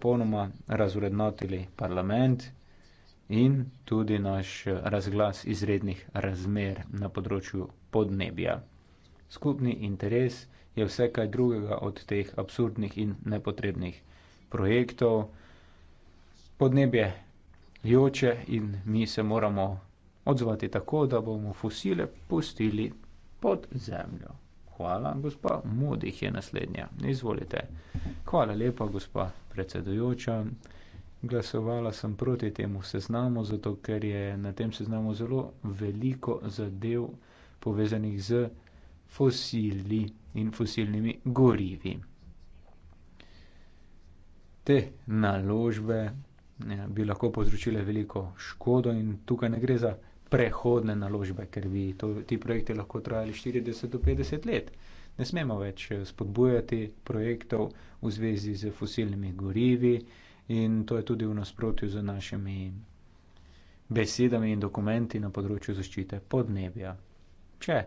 popolnoma razurednotili parlament in tudi naš razglas izrednih razmer na področju podnebja. Skupni interes je vse kaj drugega od teh absurdnih in nepotrebnih projektov. Podnebje joče in mi se moramo odzvati tako, da bomo fosile pustili pod zemljo. Hvala. Gospa Modih je naslednja. Izvolite. Hvala lepa, gospa predsedujoča. Glasovala sem proti temu seznamu, zato ker je na tem seznamu zelo veliko zadev povezanih z fosili in fosilnimi gorivi. Te naložbe ja, bi lahko povzročile veliko škodo in tukaj ne gre za prehodne naložbe, ker bi to, ti projekti lahko trajali 40 do 50 let. Ne smemo več eh, spodbujati projektov v zvezi z fosilnimi gorivi in to je tudi v nasprotju z našimi besedami in dokumenti na področju zaščite podnebja. Če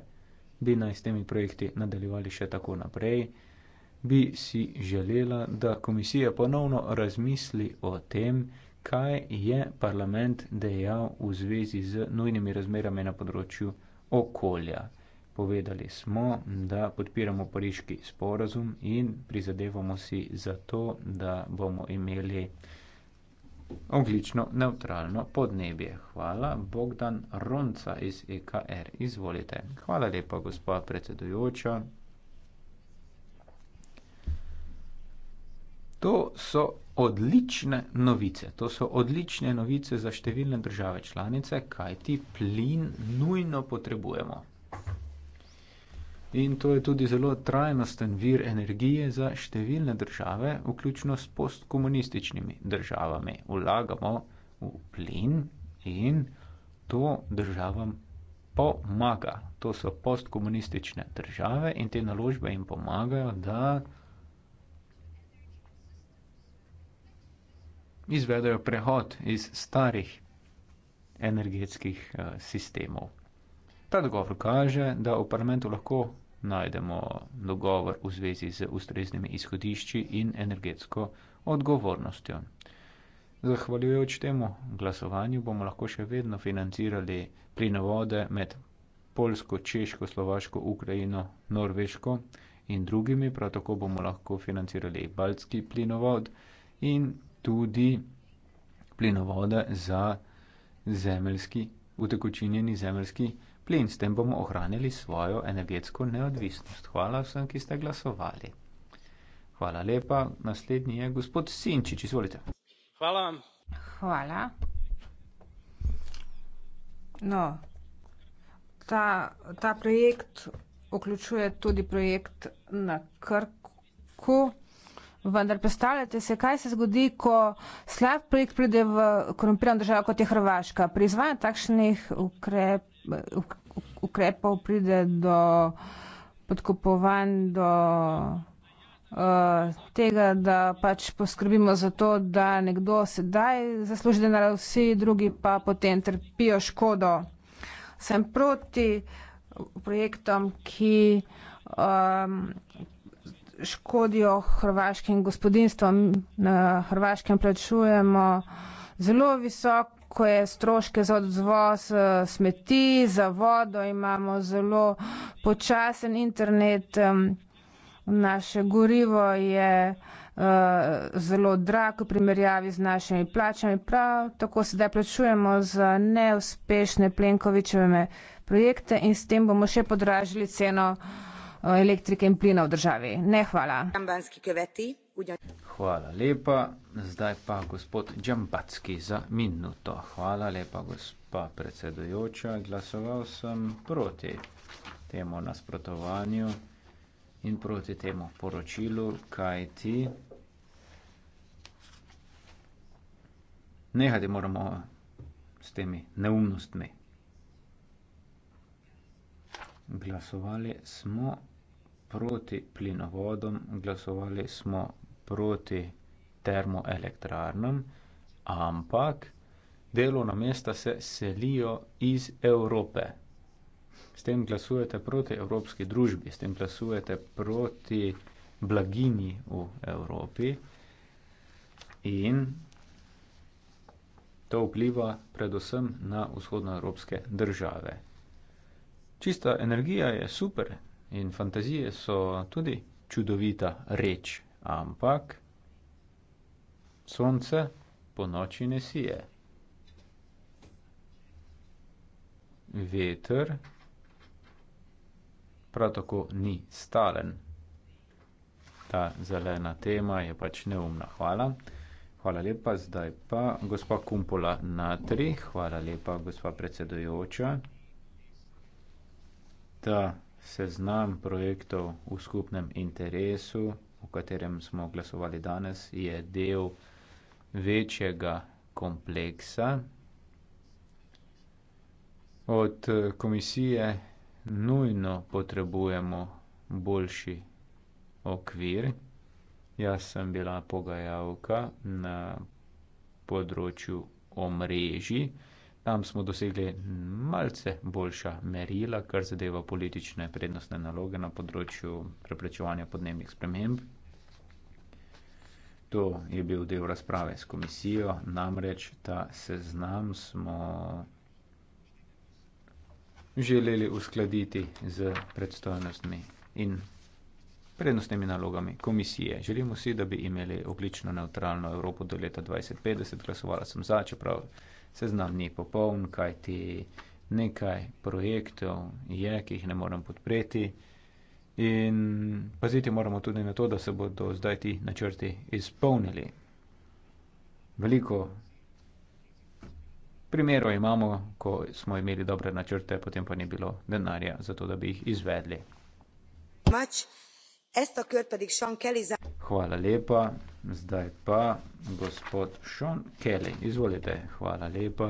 bi naj s temi projekti nadaljevali še tako naprej, bi si želela, da komisija ponovno razmisli o tem, kaj je parlament dejal v zvezi z nujnimi razmerami na področju okolja povedali smo da podpiramo pariški sporazum in prizadevamo si za to da bomo imeli ogljično nevtralno podnebje hvala bogdan ronca iz ekr izvolite hvala lepa gospa predsedujoča To so odlične novice. To so odlične novice za številne države članice, kajti plin nujno potrebujemo. In to je tudi zelo trajnosten vir energije za številne države, vključno s postkomunističnimi državami. Vlagamo v plin in to državam pomaga. To so postkomunistične države in te naložbe jim pomagajo, da. izvedejo prehod iz starih energetskih eh, sistemov. Ta dogovor kaže, da v parlamentu lahko najdemo dogovor v zvezi z ustreznimi izhodišči in energetsko odgovornostjo. Zahvaljujoč temu glasovanju bomo lahko še vedno financirali plinovode med Polsko, Češko, Slovaško, Ukrajino, Norveško in drugimi, prav tako bomo lahko financirali Baltski plinovod in tudi plinovoda za zemljski, utekočinjeni zemljski plin. S tem bomo ohranili svojo energetsko neodvisnost. Hvala vsem, ki ste glasovali. Hvala lepa. Naslednji je gospod Sinčič. Izvolite. Hvala. Hvala. No, ta, ta projekt vključuje tudi projekt na Krku. Vendar predstavljate se, kaj se zgodi, ko slab projekt pride v korumpirano državo, kot je Hrvaška. Pri izvajanju takšnih ukrep, ukrepov pride do podkupovanj, do uh, tega, da pač poskrbimo za to, da nekdo sedaj zasluži denar, vsi drugi pa potem trpijo škodo. Sem proti projektom, ki. Um, škodijo hrvaškim gospodinstvom. Na Hrvaškem plačujemo zelo visoke stroške za odvoz eh, smeti, za vodo, imamo zelo počasen internet, naše gorivo je eh, zelo drago v primerjavi z našimi plačami. Prav tako sedaj plačujemo za neuspešne Plenkovičeve projekte in s tem bomo še podražili ceno. Eh, elektrike in plina v državi. Ne hvala. Hvala lepa. Zdaj pa gospod Džambacki za minuto. Hvala lepa, gospa predsedujoča. Glasoval sem proti temu nasprotovanju in proti temu poročilu, kaj ti. Nehati moramo s temi neumnostmi. Glasovali smo proti plinovodom, glasovali smo proti termoelektrarnam, ampak delovna mesta se selijo iz Evrope. S tem glasujete proti evropski družbi, s tem glasujete proti blagini v Evropi in to vpliva predvsem na vzhodnoevropske države. Čista energija je super, In fantazije so tudi čudovita reč, ampak sonce po noči ne sije. Veter prav tako ni stalen. Ta zelena tema je pač neumna. Hvala. Hvala lepa. Zdaj pa gospa Kumpola na tri. Hvala lepa, gospa predsedujoča. Da. Seznam projektov v skupnem interesu, o katerem smo glasovali danes, je del večjega kompleksa. Od komisije nujno potrebujemo boljši okvir. Jaz sem bila pogajalka na področju omrežij. Tam smo dosegli malce boljša merila, kar zadeva politične prednostne naloge na področju preprečevanja podnebnih sprememb. To je bil del razprave s komisijo, namreč ta seznam smo želeli uskladiti z predstojnostmi in prednostnimi nalogami komisije. Želimo si, da bi imeli oglično neutralno Evropo do leta 2050, glasovala sem za, čeprav seznam ni popoln, kaj ti nekaj projektov je, ki jih ne morem podpreti. In paziti moramo tudi na to, da se bodo zdaj ti načrti izpolnili. Veliko primerov imamo, ko smo imeli dobre načrte, potem pa ni bilo denarja za to, da bi jih izvedli. Mač, esto, kjer pa dihšon Kelly za. Hvala lepa. Zdaj pa gospod Sean Kelly. Izvolite. Hvala lepa.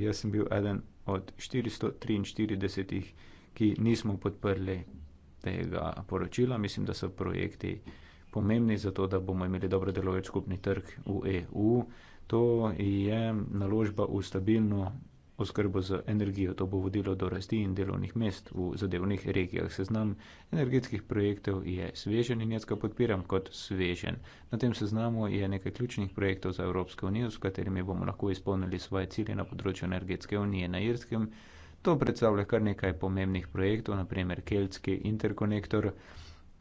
Jaz sem bil eden od 443, ki nismo podprli tega poročila. Mislim, da so projekti pomembni za to, da bomo imeli dobro delovec skupni trg v EU. To je naložba v stabilno oskrbo z energijo. To bo vodilo do rasti in delovnih mest v zadevnih regijah. Seznam energetskih projektov je svežen in jaz ga podpiram kot svežen. Na tem seznamu je nekaj ključnih projektov za Evropsko unijo, s katerimi bomo lahko izpolnili svoje cilje na področju energetske unije na Irskem. To predstavlja kar nekaj pomembnih projektov, naprimer Keltski interkonektor.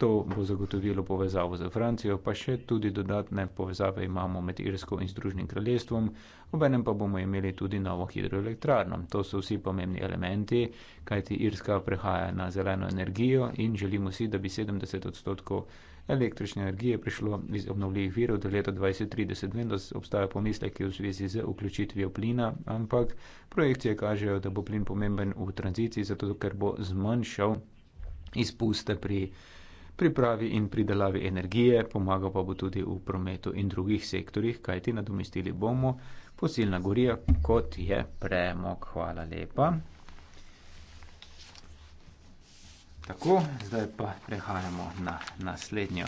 To bo zagotovilo povezavo za Francijo, pa še tudi dodatne povezave imamo med Irsko in Združnim kraljestvom, obenem pa bomo imeli tudi novo hidroelektrarno. To so vsi pomembni elementi, kajti Irska prehaja na zeleno energijo in želimo si, da bi 70 odstotkov električne energije prišlo iz obnovljivih virov do leta 2030. Vem, da obstaja pomisleki v zvezi z vključitvijo plina, ampak projekcije kažejo, da bo plin pomemben v tranziciji, zato ker bo zmanjšal izpuste pri pripravi in pridelavi energije, pomagal pa bo tudi v prometu in drugih sektorjih, kajti nadomestili bomo fosilna gorija, kot je premog. Hvala lepa. Tako, zdaj pa prehajamo na naslednjo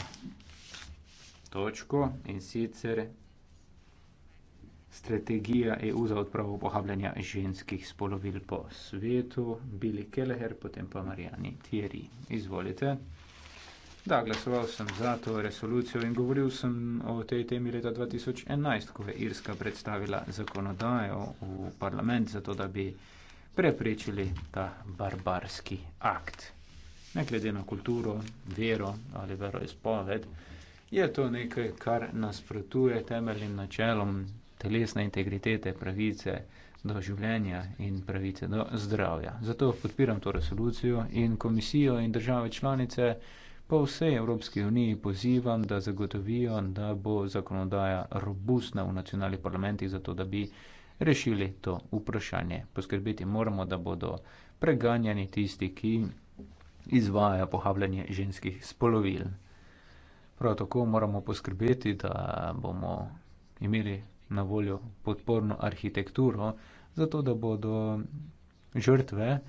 točko in sicer strategija EU za odpravo pohabljanja ženskih spolovil po svetu, Billy Keleher, potem pa Marijani Thierry. Izvolite. Da, glasoval sem za to resolucijo in govoril sem o tej temi leta 2011, ko je Irska predstavila zakonodajo v parlament za to, da bi preprečili ta barbarski akt. Ne glede na kulturo, vero ali veroizpoved, je to nekaj, kar nasprotuje temeljnim načelom telesne integritete, pravice do življenja in pravice do zdravja. Zato podpiram to resolucijo in komisijo in države članice, pa vse evropski uniji pozivam da zagotovijo da bo zakonodaja robustna v nacionalnih parlamentih zato da bi rešili to vprašanje poskrbeti moramo da bodo preganjani tisti ki izvajajo pohabljanje ženskih spolovil prav tako moramo poskrbeti da bomo imeli na voljo podporno arhitekturo zato da bodo žrtve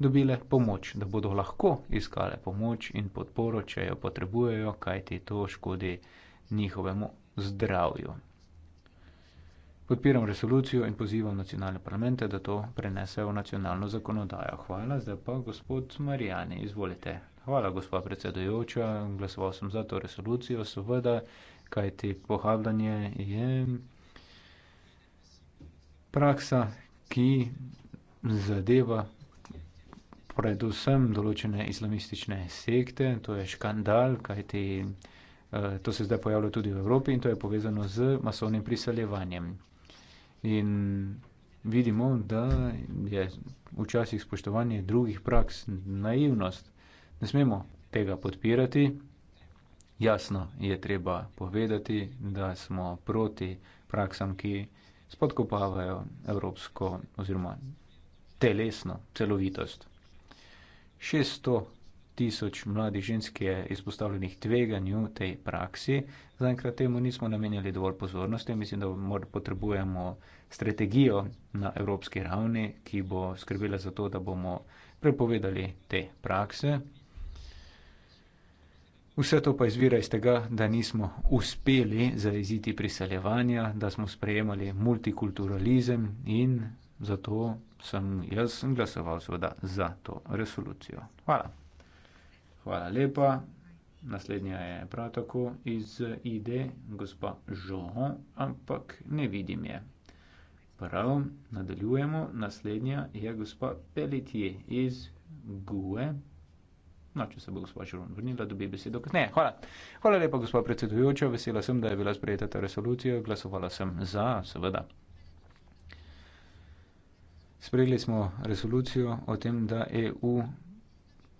dobile pomoč da bodo lahko iskale pomoč in podporo če jo potrebujejo kajti to škodi njihovemu zdravju podpiram resolucijo in pozivam nacionalne parlamente da to prenesejo v nacionalno zakonodajo hvala zdaj pa gospod marijani izvolite hvala gospa predsedujoča glasoval sem za to resolucijo seveda kajti pohabljanje je praksa ki zadeva predvsem določene islamistične sekte. To je škandal, kajti eh, to se zdaj pojavlja tudi v Evropi in to je povezano z masovnim priseljevanjem. In vidimo, da je včasih spoštovanje drugih praks naivnost. Ne smemo tega podpirati. Jasno je treba povedati, da smo proti praksam, ki spodkopavajo evropsko oziroma telesno celovitost. 600 tisoč mladih žensk je izpostavljenih tveganju tej praksi zaenkrat temu nismo namenjali dovolj pozornosti mislim da morda potrebujemo strategijo na evropski ravni ki bo skrbela za to da bomo prepovedali te prakse vse to pa izvira iz tega da nismo uspeli zajeziti priseljevanja da smo sprejemali multikulturalizem in zato sem jaz sem glasoval seveda za to resolucijo. Hvala. Hvala lepa. Naslednja je prav tako iz ID, gospa Žohan, ampak ne vidim je. Prav, nadaljujemo. Naslednja je gospa Pelletier iz GUE. No, če se bo gospa Žohan vrnila, dobi besedo kasneje. Hvala. Hvala lepa, gospa predsedujoča. Vesela sem, da je bila sprejeta ta resolucija. Glasovala sem za, seveda. Sprejeli smo resolucijo o tem, da EU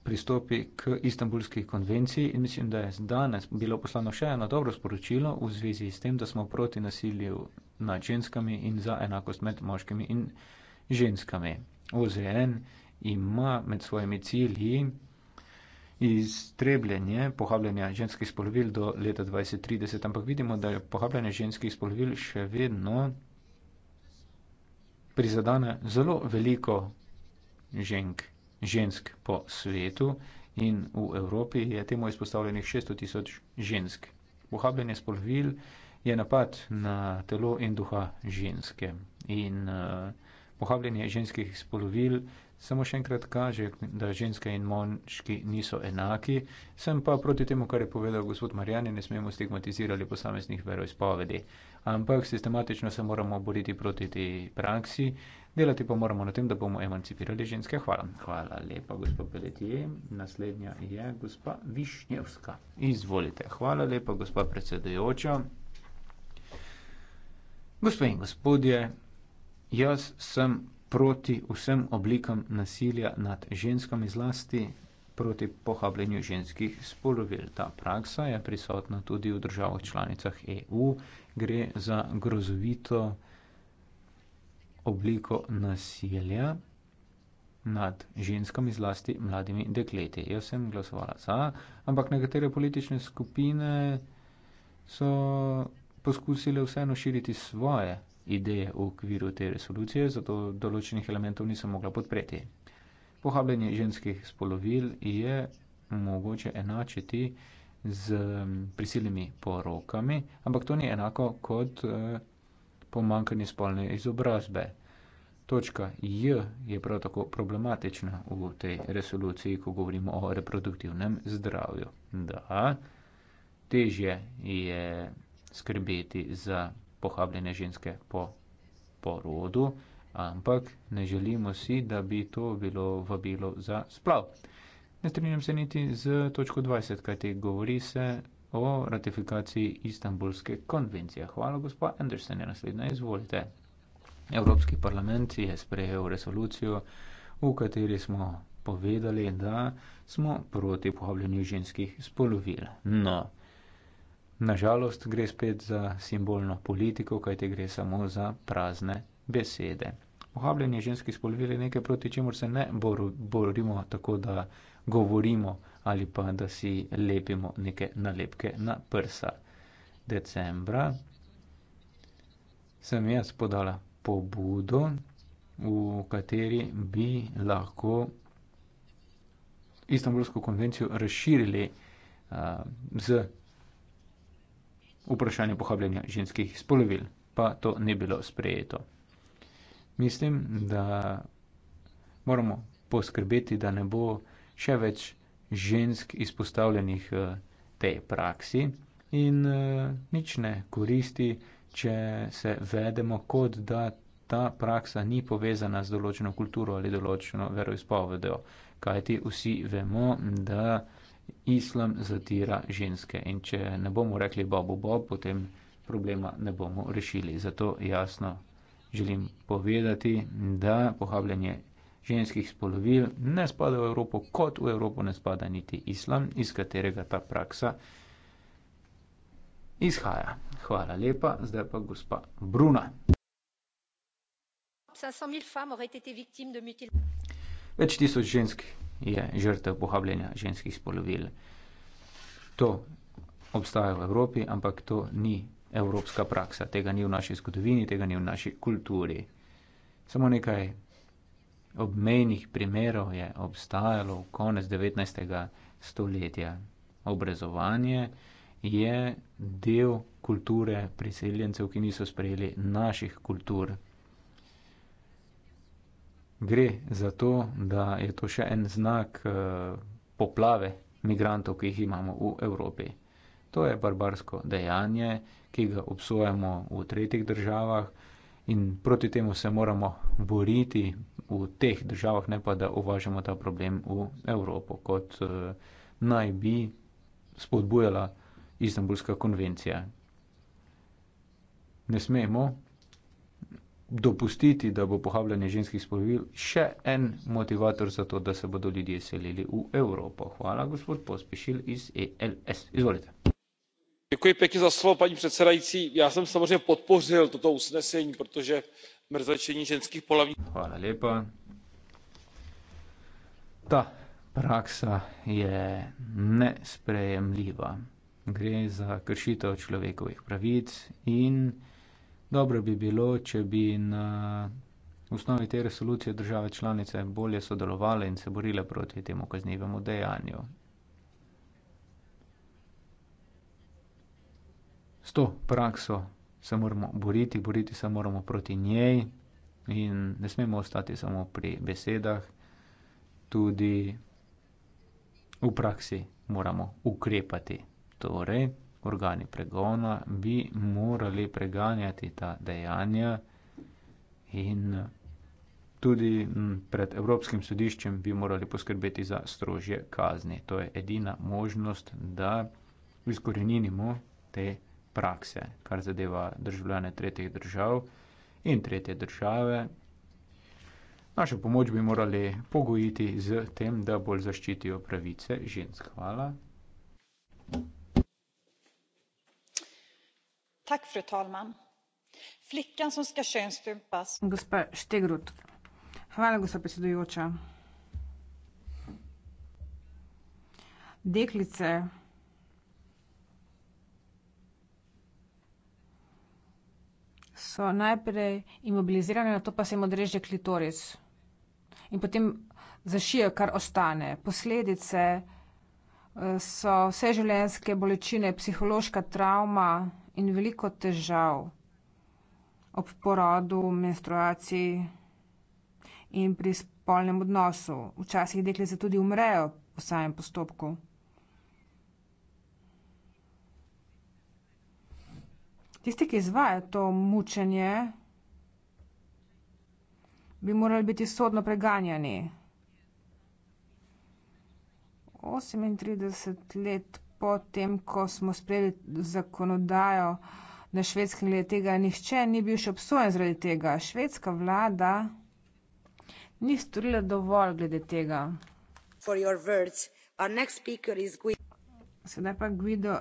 pristopi k istambulski konvenciji in mislim, da je danes bilo poslano še eno dobro sporočilo v zvezi s tem, da smo proti nasilju nad ženskami in za enakost med moškimi in ženskami. OZN ima med svojimi cilji iztrebljenje pohabljanja ženskih spolovil do leta 2030, ampak vidimo, da je pohabljanje ženskih spolovil še vedno prizadene zelo veliko ženk, žensk po svetu in v Evropi je temu izpostavljenih 600 tisoč žensk. Uhabljanje spolvil je napad na telo in duha ženske in uh, pohabljanje ženskih spolovil samo še enkrat kaže, da ženske in moški niso enaki, sem pa proti temu, kar je povedal gospod Marjani, ne smemo stigmatizirati posameznih veroizpovedi, ampak sistematično se moramo boriti proti tej praksi, delati pa moramo na tem, da bomo emancipirali ženske. Hvala. Hvala lepa, gospod Peletije. Naslednja je gospa Višnjevska. Izvolite. Hvala lepa, gospa predsedujoča. Gospod in gospodje, jaz sem proti vsem oblikam nasilja nad ženskami zlasti proti pohabljanju ženskih spolovil ta praksa je prisotna tudi v državah članicah EU gre za grozovito obliko nasilja nad ženskami zlasti mladimi dekleti. Jaz sem glasovala za, ampak nekatere politične skupine so poskusile vseeno širiti svoje ideje v okviru te resolucije, zato določenih elementov nisem mogla podpreti. Pohabljanje ženskih spolovil je mogoče enačiti z prisilnimi porokami, ampak to ni enako kot eh, pomankanje spolne izobrazbe. Točka J je prav tako problematična v tej resoluciji, ko govorimo o reproduktivnem zdravju. Da, težje je skrbeti za pohabljene ženske po porodu, ampak ne želimo si, da bi to bilo vabilo za splav. Ne strinjam se niti z točko 20, kajti govori se o ratifikaciji Istanbulske konvencije. Hvala, gospod Andersen, je naslednja, izvolite. Evropski parlament je sprejel resolucijo, v kateri smo povedali, da smo proti pohabljanju ženskih spolovil. No nažalost gre spet za simbolno politiko, kajte gre samo za prazne besede. Ohabljanje ženskih spolovil je nekaj, proti čemur se ne borimo tako, da govorimo ali pa da si lepimo neke nalepke na prsa. Decembra sem jaz podala pobudo, v kateri bi lahko Istanbulsko konvencijo razširili uh, z vprašanju pohabljanja ženskih spolovil, pa to ni bilo sprejeto. Mislim, da moramo poskrbeti, da ne bo še več žensk izpostavljenih eh, tej praksi in eh, nič ne koristi, če se vedemo kot, da ta praksa ni povezana z določeno kulturo ali določeno veroizpovedjo. Kajti vsi vemo, da islam zatira ženske. In če ne bomo rekli Bobu Bob, potem problema ne bomo rešili. Zato jasno želim povedati, da pohabljanje ženskih spolovil ne spada v Evropo, kot v Evropo ne spada niti islam, iz katerega ta praksa izhaja. Hvala lepa, zdaj pa gospa Bruna. Več tisoč žensk je žrtev pohabljenja ženskih spolovil. To obstaja v Evropi, ampak to ni evropska praksa. Tega ni v naši zgodovini, tega ni v naši kulturi. Samo nekaj obmejnih primerov je obstajalo v konec 19. stoletja. Obrezovanje je del kulture priseljencev, ki niso sprejeli naših kultur gre za to, da je to še en znak eh, poplave migrantov, ki jih imamo v Evropi. To je barbarsko dejanje, ki ga obsojamo v tretjih državah in proti temu se moramo boriti v teh državah, ne pa da uvažamo ta problem v Evropo, kot eh, naj bi spodbujala Istanbulska konvencija. Ne smemo dopustiti, da bo pohabljanje ženskih spolovil še en motivator za to, da se bodo ljudje selili v Evropo. Hvala, gospod Pospešil iz ELS. Izvolite. Děkuji pěkně za slovo, paní předsedající. Já jsem samozřejmě podpořil toto usnesení, protože mrzačení ženských pohlavních. Hvala lepa. Ta praksa je nesprejemljiva. Gre za kršitev človekovih pravic in Dobro bi bilo, če bi na osnovi te resolucije države članice bolje sodelovali in se borile proti temu kaznivemu dejanju. S to prakso se moramo boriti, boriti se moramo proti njej in ne smemo ostati samo pri besedah, tudi v praksi moramo ukrepati. Torej, organi pregona bi morali preganjati ta dejanja in tudi pred Evropskim sodiščem bi morali poskrbeti za strožje kazni. To je edina možnost, da izkoreninimo te prakse, kar zadeva državljane tretjih držav in tretje države. Našo pomoč bi morali pogojiti z tem, da bolj zaščitijo pravice žensk. Hvala. thank you gospa predsedujoča. Deklice, so najprej imobilizirane, nato pa se jim odreže klitoris. In potem zašijejo, kar ostane. Posledice, eh, so vseživljenjske bolečine, psihološka travma in veliko težav ob porodu, menstruaciji in pri spolnem odnosu. Včasih deklice tudi umrejo v samem postopku. Tisti, ki izvaja to mučenje, bi morali biti sodno preganjani. 38 let po tem, ko smo sprejeli zakonodajo na švedskem glede tega, nihče ni bil še obsojen zaradi tega. Švedska vlada ni storila dovolj glede tega. Sedaj pa Guido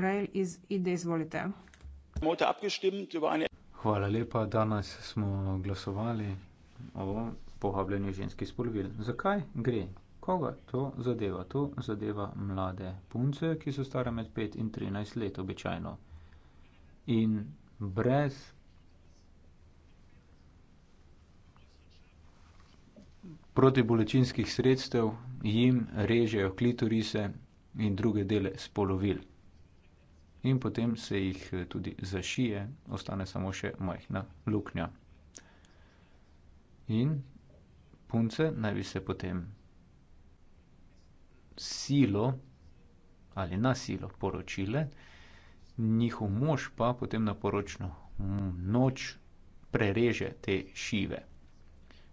Rail iz IDE, izvolite. Hvala lepa, danes smo glasovali o povabljenju ženskih spolovil. Zakaj gre? Koga to zadeva? To zadeva mlade punce, ki so stare med 5 in 13 let običajno. In brez protibolečinskih sredstev jim režejo klitorise in druge dele spolovil. In potem se jih eh, tudi zašije, ostane samo še majhna luknja. In punce naj bi se potem silo ali na silo poročile, njihov mož pa potem na poročno noč prereže te šive.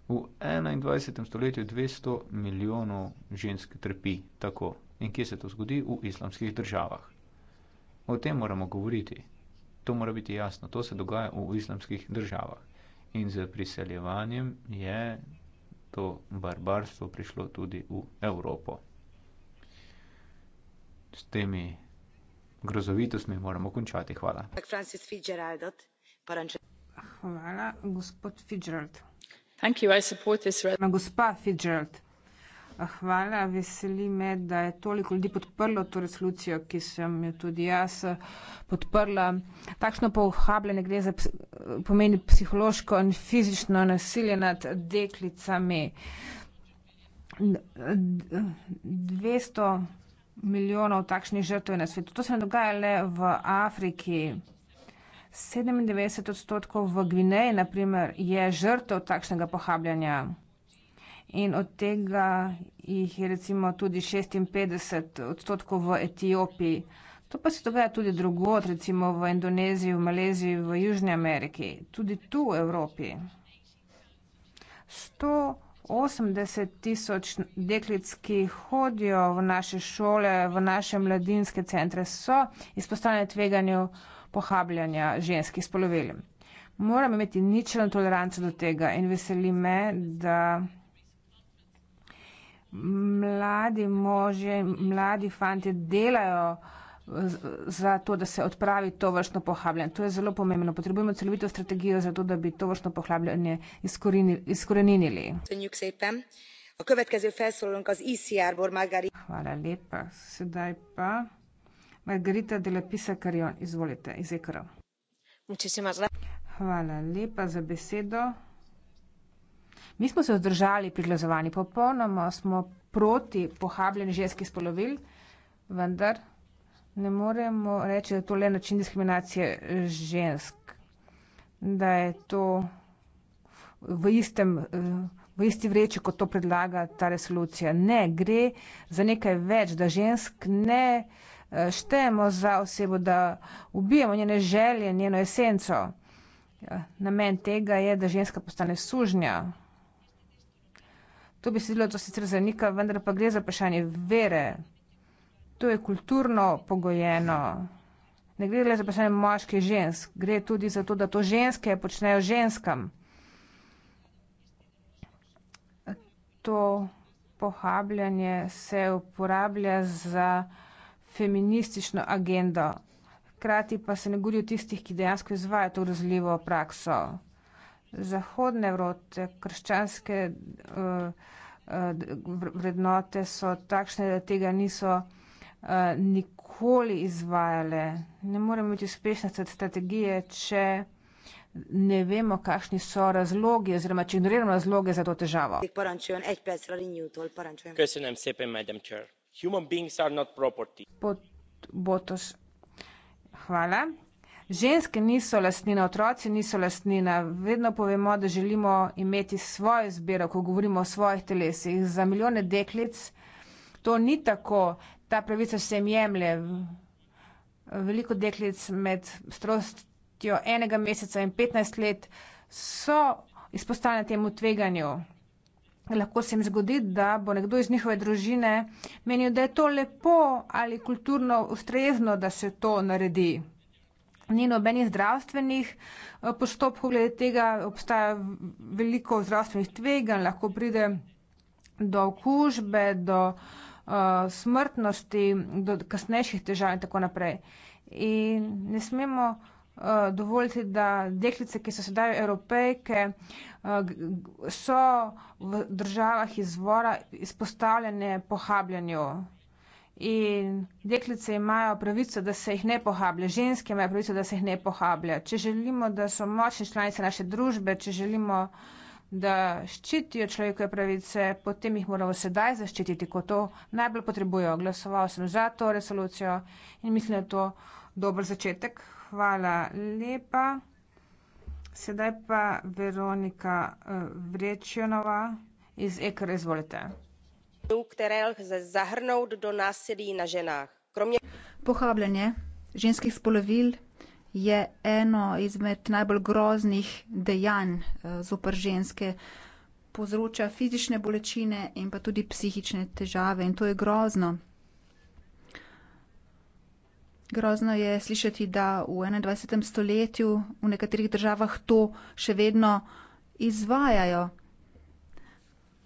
V 21. stoletju 200 milijonov žensk trpi tako. In kje se to zgodi? V islamskih državah. O tem moramo govoriti. To mora biti jasno. To se dogaja v islamskih državah. In z priseljevanjem je to barbarstvo prišlo tudi v Evropo s temi grozovitostmi moramo končati. Hvala. Hvala, gospod Fitzgerald. Thank you, I support this Gospa Fitzgerald, hvala, veseli me, da je toliko ljudi podprlo to resolucijo, ki sem jo tudi jaz eh, podprla. Takšno pohabljanje gre za pomeni psihološko in fizično nasilje nad deklicami. 200 milijonov takšnih žrtev na svetu. To se je dogajalo v Afriki. 97 odstotkov v Gvineji, naprimer, je žrtev takšnega pohabljanja. In od tega jih je recimo tudi 56 odstotkov v Etiopiji. To pa se dogaja tudi drugod, recimo v Indoneziji, v Maleziji, v Južni Ameriki, tudi tu v Evropi. 100 80 tisoč deklic, ki hodijo v naše šole, v naše mladinske centre, so izpostavljene tveganju pohabljanja ženskih spolovelj. Moramo imeti ničelno toleranco do tega in veseli me, da mladi može, mladi fanti delajo za to, da se odpravi to vrstno pohabljanje. To je zelo pomembno. Potrebujemo celovito strategijo za to, da bi to vrstno pohabljanje izkoreninili. E Hvala lepa. Sedaj pa Margarita Delapisa Karion. Izvolite, iz Ekro. Hvala lepa za besedo. Mi smo se vzdržali pri glasovanju. Popolnoma smo proti pohabljanju ženskih spolovil, vendar ne moremo reči, da je to le način diskriminacije žensk, da je to v, istem, v isti vreči, kot to predlaga ta resolucija. Ne, gre za nekaj več, da žensk ne eh, štejemo za osebo, da ubijemo njene želje, njeno esenco. Ja, namen tega je, da ženska postane sužnja. To bi se zdelo, to sicer zanika, vendar pa gre za vprašanje vere to je kulturno pogojeno. Ne gre le za vprašanje moških in žensk, gre tudi za to, da to ženske počnejo ženskam. To pohabljanje se uporablja za feministično agendo. Hkrati pa se ne govori o tistih, ki dejansko izvajo to grozljivo prakso. Zahodne vrote, krščanske uh, uh, vrednote so takšne, da tega niso. Eh, nikoli izvajale. Ne moremo biti uspešni s strategije, če ne vemo, kakšni so razlogi oziroma če ignoriramo razloge za to težavo. Botos. Hvala. Ženske niso lastnina, otroci niso lastnina. Vedno povemo, da želimo imeti svojo izbiro, ko govorimo o svojih telesih. Za milijone deklic to ni tako ta pravica se jim jemlje. Veliko deklic med strostjo enega meseca in 15 let so izpostavljene temu tveganju. Lahko se jim zgodi, da bo nekdo iz njihove družine menil, da je to lepo ali kulturno ustrezno, da se to naredi. Ni nobenih zdravstvenih eh, postopkov glede tega, obstaja veliko zdravstvenih tveganj, lahko pride do okužbe, do uh, uh, smrtnosti, do kasnejših težav in tako naprej. In ne smemo uh, dovoliti, da deklice, ki so sedaj evropejke, uh, so v državah izvora izpostavljene pohabljanju. In deklice imajo pravico, da se jih ne pohablja, ženske imajo pravico, da se jih ne pohablja. Če želimo, da so močne članice naše družbe, če želimo, uh, da ščitijo človekove pravice, potem jih moramo sedaj zaščititi, ko to najbolj potrebujo. Glasoval sem za to resolucijo in mislim, da je to dober začetek. Hvala lepa. Sedaj pa Veronika eh, Vrečjonova iz EKR, izvolite. Ktere lahko zahrnout do nasilij na ženah. Kromě... Pohabljanje ženskih spolovil je eno izmed najbolj groznih dejanj eh, zoper ženske. Povzroča fizične bolečine in pa tudi psihične težave in to je grozno. Grozno je slišati, da v 21. stoletju v nekaterih državah to še vedno izvajajo.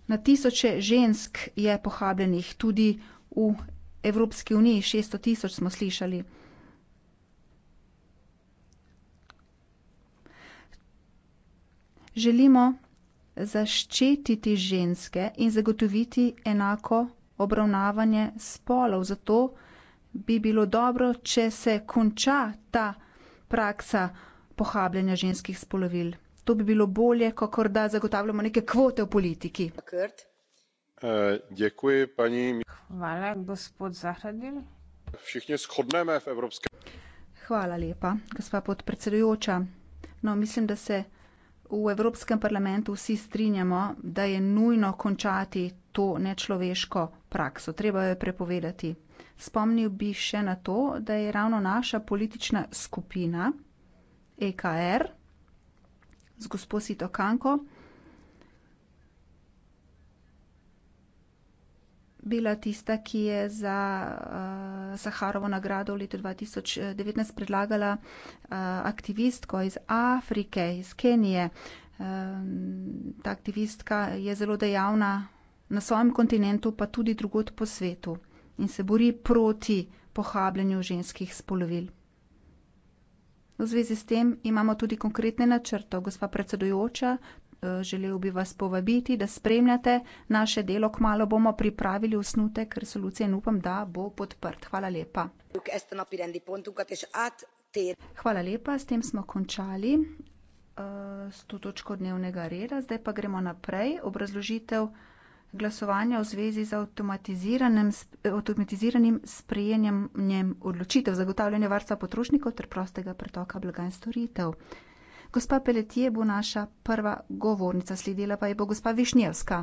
Na tisoče žensk je pohabljenih, tudi v Evropski uniji 600 tisoč smo slišali. želimo zaščititi ženske in zagotoviti enako obravnavanje spolov. Zato bi bilo dobro, če se konča ta praksa pohabljanja ženskih spolovil. To bi bilo bolje, kakor da zagotavljamo neke kvote v politiki. E, Hvala, gospod Zahradil. Hvala lepa, gospa podpredsedujoča. No, mislim, da se v Evropskem parlamentu vsi strinjamo, da je nujno končati to nečloveško prakso, treba jo je prepovedati. Spomnil bi še na to, da je ravno naša politična skupina EKR z gospod Sito Kanko bila tista, ki je za uh, Saharovo nagrado v letu 2019 predlagala uh, aktivistko iz Afrike, iz Kenije. Uh, ta aktivistka je zelo dejavna na svojem kontinentu, pa tudi drugot po svetu in se bori proti pohabljanju ženskih spolovil. V zvezi s tem imamo tudi konkretne načrte. Gospa predsedujoča, Eh, želel bi vas povabiti, da spremljate naše delo. Kmalo bomo pripravili osnutek resolucije in upam, da bo podprt. Hvala lepa. Hvala lepa, s tem smo končali eh, s to točko dnevnega reda. Zdaj pa gremo naprej. Obrazložitev glasovanja v zvezi z avtomatiziranim, avtomatiziranim sprejenjem odločitev zagotavljanja varstva potrošnikov ter prostega pretoka blaga in storitev. Gospa Peletije bo naša prva govornica, sledila pa je bo gospa Višnjevska.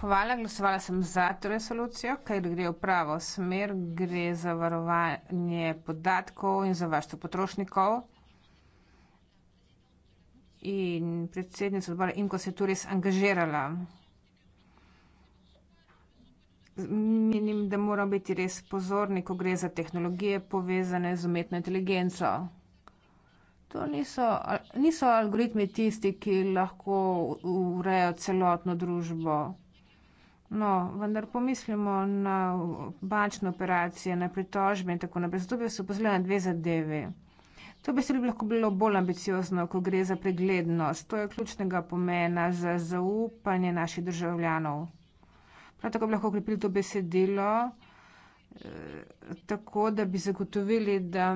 Hvala, glasovala sem za to resolucijo, ker gre v pravo smer, gre za varovanje podatkov in za vaštvo potrošnikov. In predsednica odbora Imko se je tu res angažirala. Menim, da moramo biti res pozorni, ko gre za tehnologije povezane z umetno inteligenco. To niso, niso algoritmi tisti, ki lahko urejo celotno družbo. No, vendar pomislimo na bančne operacije, na pritožbe in tako naprej. Zato bi se upozorila na dve zadeve. To bi se lahko bilo bolj ambiciozno, ko gre za preglednost. To je ključnega pomena za zaupanje naših državljanov. Prav tako bi lahko okrepili to besedilo, eh, tako da bi zagotovili, da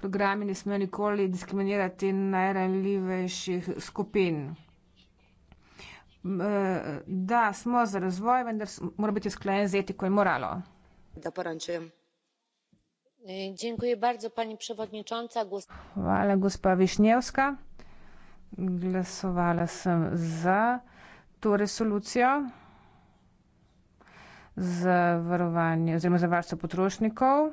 programi ne smejo nikoli diskriminirati najranljivejših skupin. Eh, da, smo za razvoj, vendar mora biti sklenjen z etiko in moralo. Da, porančujem. E, Hvala, gospa Višnjevska. Glasovala sem za to resolucijo za varovanje oziroma za varstvo potrošnikov.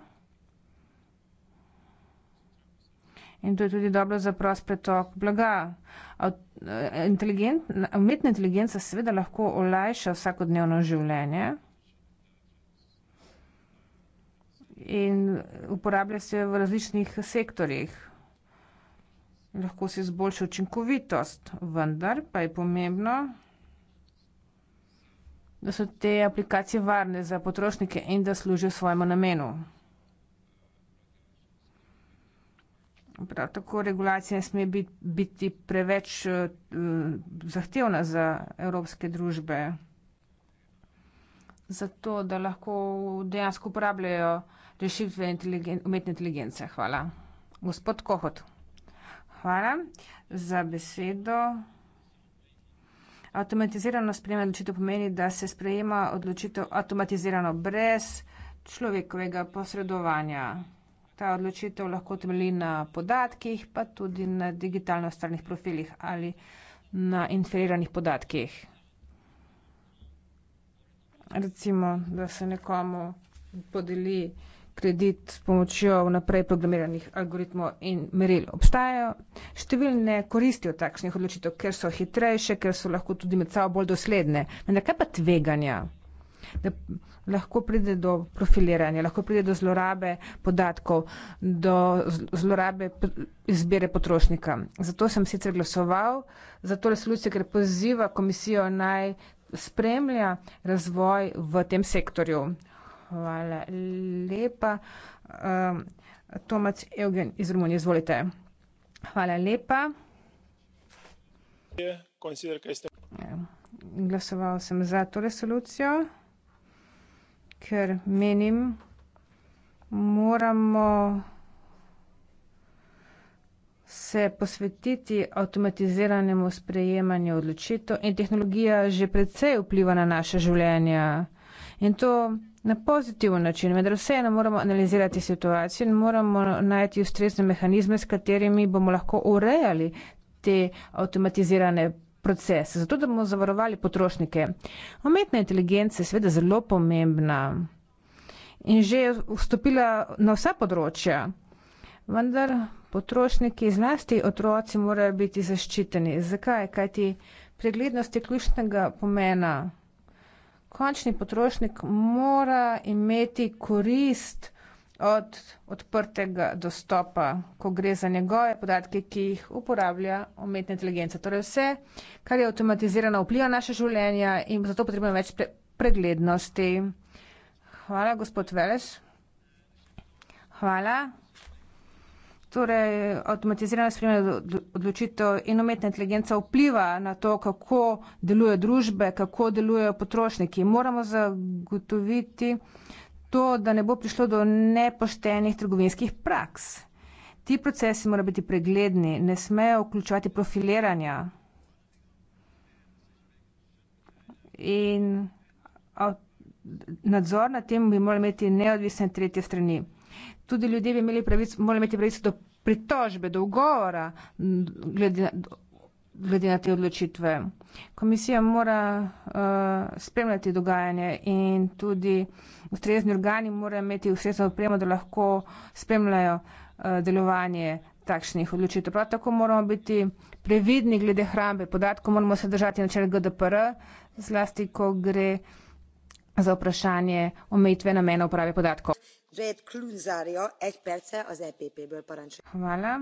in to je tudi dobro za prost pretok blaga. Inteligent, umetna inteligenca seveda lahko olajša vsakodnevno življenje in uporablja se v različnih sektorjih. Lahko se izboljša učinkovitost, vendar pa je pomembno, da so te aplikacije varne za potrošnike in da služijo svojemu namenu. Prav tako regulacija ne sme biti, biti preveč uh, zahtevna za evropske družbe, zato da lahko dejansko uporabljajo rešitve inteligen umetne inteligence. Hvala. Gospod Kohot. Hvala za besedo. Avtomatizirano sprejema odločitev pomeni, da se sprejema odločitev avtomatizirano brez človekovega posredovanja. Ta odločitev lahko temelji na podatkih, pa tudi na digitalno stranih profilih ali na inferiranih podatkih. Recimo, da se nekomu podeli kredit s pomočjo vnaprej programiranih algoritmov in meril. Obstajajo številne koristi od takšnih odločitev, ker so hitrejše, ker so lahko tudi med sabo bolj dosledne. Na kaj pa tveganja? da lahko pride do profiliranja, lahko pride do zlorabe podatkov, do zlorabe izbire potrošnika. Zato sem sicer glasoval za to resolucijo, ker poziva komisijo naj spremlja razvoj v tem sektorju. Hvala lepa. Ehm, Tomac Eugen iz Romunije, izvolite. Hvala lepa. Ehm, glasoval sem za to resolucijo ker menim, moramo se posvetiti avtomatiziranemu sprejemanju odločitev in tehnologija že predvsej vpliva na naše življenja in to na pozitiven način. Vendar vseeno moramo analizirati situacijo in moramo najti ustrezne mehanizme, s katerimi bomo lahko urejali te avtomatizirane procese, zato da bomo zavarovali potrošnike. Umetna inteligenca je seveda zelo pomembna in že je vstopila na vsa področja, vendar potrošniki, zlasti otroci, morajo biti zaščiteni. Zakaj? Kaj ti preglednost je ključnega pomena. Končni potrošnik mora imeti korist od odprtega dostopa, ko gre za njegove podatke, ki jih uporablja umetna inteligenca. Torej vse, kar je avtomatizirano, vpliva na naše življenja in zato potrebujemo več preglednosti. Hvala, gospod Veles. Hvala. Torej, avtomatizirano spremljanje odločitev in umetna inteligenca vpliva na to, kako delujejo družbe, kako delujejo potrošniki. Moramo zagotoviti to, da ne bo prišlo do nepoštenih trgovinskih praks. Ti procesi mora biti pregledni, ne smejo vključovati profiliranja in nadzor na tem bi morali imeti neodvisne tretje strani. Tudi ljudje bi imeli pravico, morali imeti pravico do pritožbe, do govora glede glede na te odločitve. Komisija mora uh, spremljati dogajanje in tudi ustrezni organi morajo imeti ustrezno opremo, da lahko spremljajo uh, delovanje takšnih odločitev. Prav tako moramo biti previdni glede hrambe podatkov, moramo se držati načel GDPR, zlasti ko gre za vprašanje omejitve namena uprave podatkov. E Hvala.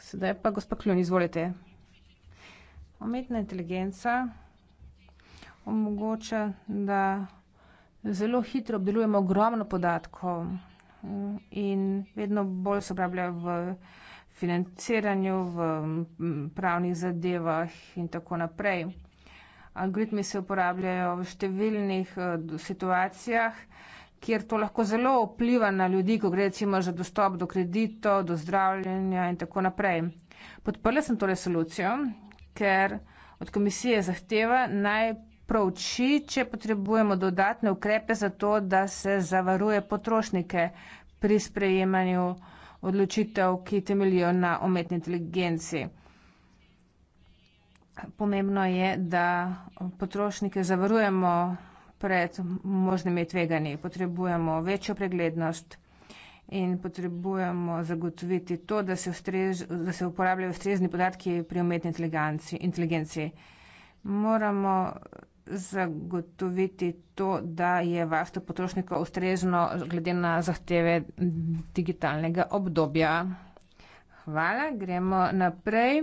Sedaj pa gospod Kljun, izvolite. Umetna inteligenca omogoča, da zelo hitro obdelujemo ogromno podatkov eh, in vedno bolj se uporablja v financiranju, v pravnih zadevah in tako naprej. Algoritmi se uporabljajo v številnih eh, situacijah, kjer to lahko zelo vpliva na ljudi, ko gre recimo za dostop do kreditov, do zdravljenja in tako naprej. Podprla sem to resolucijo ker od komisije zahteva naj prouči, če potrebujemo dodatne ukrepe za to, da se zavaruje potrošnike pri sprejemanju odločitev, ki temeljijo na umetni inteligenci. Pomembno je, da potrošnike zavarujemo pred možnimi tveganji. Potrebujemo večjo preglednost in potrebujemo zagotoviti to, da se, ustrež, da se uporabljajo ustrezni podatki pri umetni inteligenciji. Moramo zagotoviti to, da je varstvo potrošnika ustrezno glede na zahteve digitalnega obdobja. Hvala, gremo naprej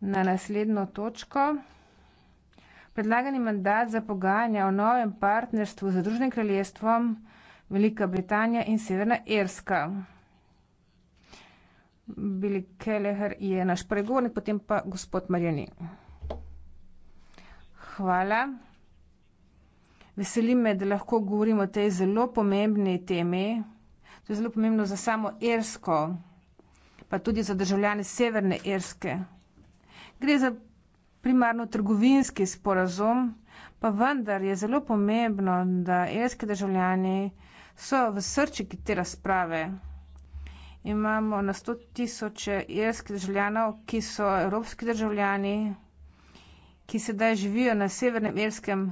na naslednjo točko. Predlagani mandat za pogajanja o novem partnerstvu z Združenim kraljestvom Velika Britanija in Severna Irska. Billy Kelleher je naš pregovornik, potem pa gospod Marjani. Hvala. Veseli me, da lahko govorimo o tej zelo pomembni temi. To je zelo pomembno za samo Irsko, pa tudi za državljane Severne Irske. Gre za primarno trgovinski sporazum, pa vendar je zelo pomembno, da irski državljani so v srčiki te razprave. Imamo na sto tisoče irskih državljanov, ki so evropski državljani, ki sedaj živijo na severnem irskem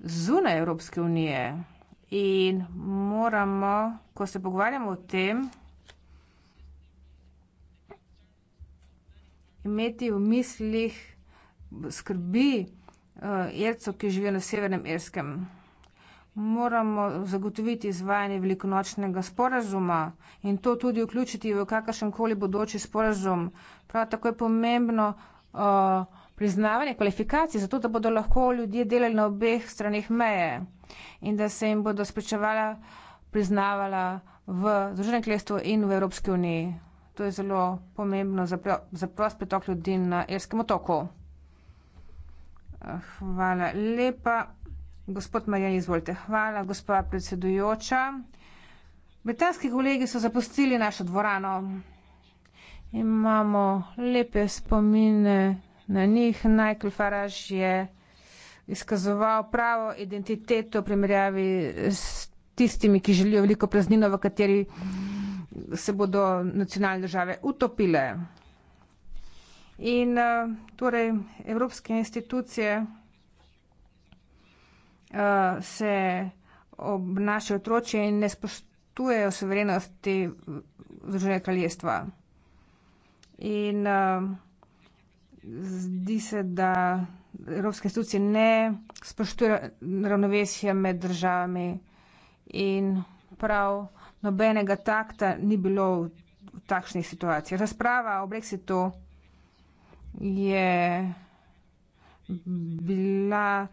zunaj Evropske unije. In moramo, ko se pogovarjamo o tem, imeti v mislih skrbi uh, ircev, ki živijo na severnem irskem moramo zagotoviti izvajanje velikonočnega sporazuma in to tudi vključiti v kakršenkoli bodoči sporazum. Prav tako je pomembno uh, priznavanje kvalifikacij, zato da bodo lahko ljudje delali na obeh stranih meje in da se jim bodo sprečevala priznavala v Združenem kraljestvu in v Evropski uniji. To je zelo pomembno za, za prost pretok ljudi na Irskem otoku. Hvala lepa. Gospod Marjan, izvolite. Hvala, gospa predsedujoča. Britanski kolegi so zapustili našo dvorano. Imamo lepe spomine na njih. Michael Farage je izkazoval pravo identiteto v primerjavi s tistimi, ki želijo veliko praznino, v kateri se bodo nacionalne države utopile. In eh, torej, evropske institucije uh, se obnašajo otroče in ne spoštujejo soverenosti Združenega kraljestva. In uh, zdi se, da evropske institucije ne spoštujejo ravnovesja med državami in prav nobenega takta ni bilo v, v takšnih situacijah. Razprava o Brexitu je bila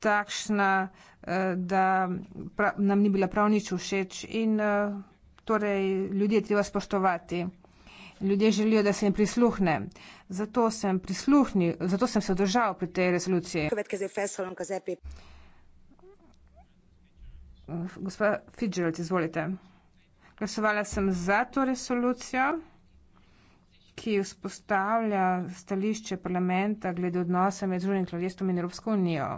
takšna, eh, da nam ni bila prav nič všeč in eh, torej ljudje je treba spoštovati. Ljudje želijo, da se jim prisluhne. Zato sem prisluhnil, zato sem se držal pri tej resoluciji. E Gospa Fitzgerald, izvolite. Glasovala sem za to resolucijo, ki vzpostavlja stališče parlamenta glede odnosa med Združenim kraljestvom in Evropsko unijo.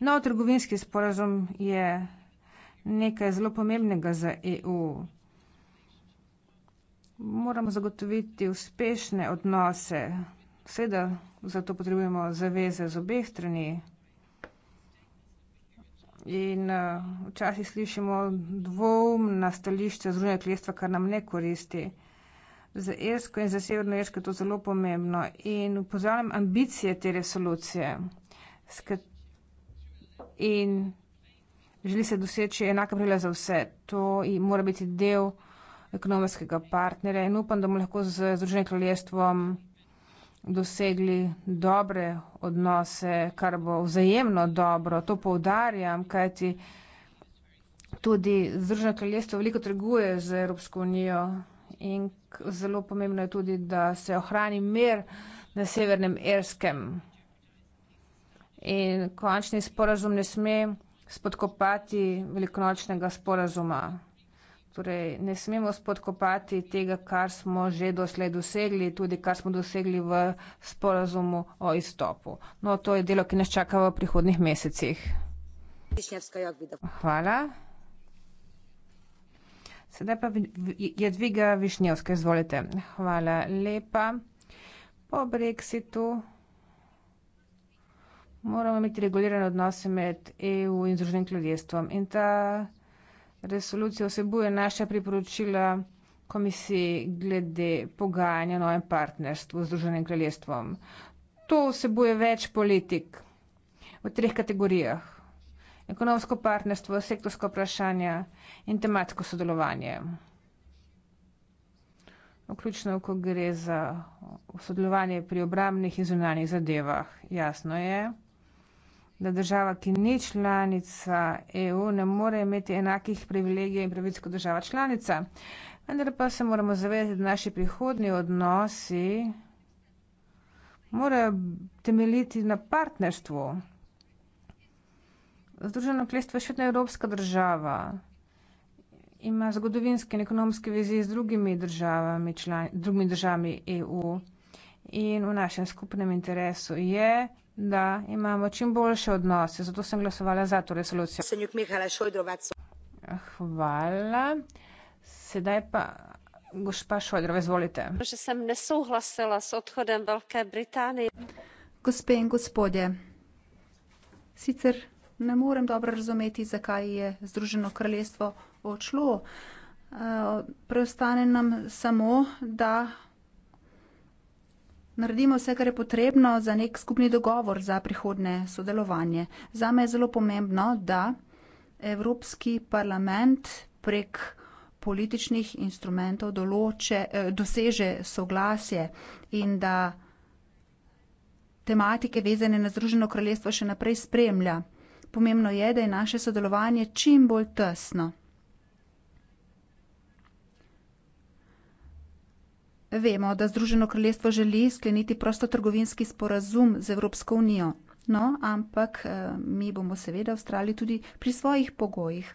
Nov trgovinski sporazum je nekaj zelo pomembnega za EU. Moramo zagotoviti uspešne odnose, seveda zato potrebujemo zaveze z obeh strani. In uh, včasih slišimo dvomna stališča zunanjega kraljestva, kar nam ne koristi. Za Irsko in za Severno Irsko je to zelo pomembno in pozdravljam ambicije te resolucije, s katero in želi se doseči enaka pravila za vse. To mora biti del ekonomskega partnerja in upam, da bomo lahko z Združenim kraljestvom dosegli dobre odnose, kar bo vzajemno dobro. To poudarjam, kajti tudi Združeno kraljestvo veliko trguje z Evropsko unijo in zelo pomembno je tudi, da se ohrani mir na severnem Erskem. In končni sporazum ne sme spodkopati velikonočnega sporazuma. Torej, ne smemo spodkopati tega, kar smo že doslej dosegli, tudi kar smo dosegli v sporazumu o izstopu. No, to je delo, ki nas čaka v prihodnih mesecih. Hvala. Sedaj pa je dviga Višnjevska, izvolite. Hvala lepa. Po Brexitu moramo imeti regulirane odnose med EU in Združenim kraljestvom. In ta resolucija vsebuje naša priporočila komisiji glede pogajanja o novem partnerstvu z Združenim kraljestvom. To vsebuje več politik v treh kategorijah. Ekonomsko partnerstvo, sektorsko vprašanje in tematsko sodelovanje. Vključno, ko gre za sodelovanje pri obramnih in zunanjih zadevah. Jasno je da država, ki ni članica EU, ne more imeti enakih privilegij in pravic kot država članica. Vendar pa se moramo zavedati, da naši prihodni odnosi morajo temeljiti na partnerstvu. Združeno kljestvo je še vedno evropska država. Ima zgodovinske in ekonomske vezi z drugimi državami, člani, drugimi državami EU. In v našem skupnem interesu je, da imamo čim boljše odnose. Zato sem glasovala za to resolucijo. Hvala. Sedaj pa. Gospa Šodrova, izvolite. Že sem nesouhlasila s odhodem Velike Britanije. Gospe in gospodje, sicer ne morem dobro razumeti, zakaj je Združeno kraljestvo odšlo. Eh, preostane nam samo, da naredimo vse, kar je potrebno za nek skupni dogovor za prihodne sodelovanje. Za me je zelo pomembno, da Evropski parlament prek političnih instrumentov določe, eh, doseže soglasje in da tematike vezane na Združeno kraljestvo še naprej spremlja. Pomembno je, da je naše sodelovanje čim bolj tesno. Vemo, da Združeno kraljestvo želi skleniti prostotrgovinski sporazum z Evropsko unijo. No, ampak eh, mi bomo seveda vstrali tudi pri svojih pogojih.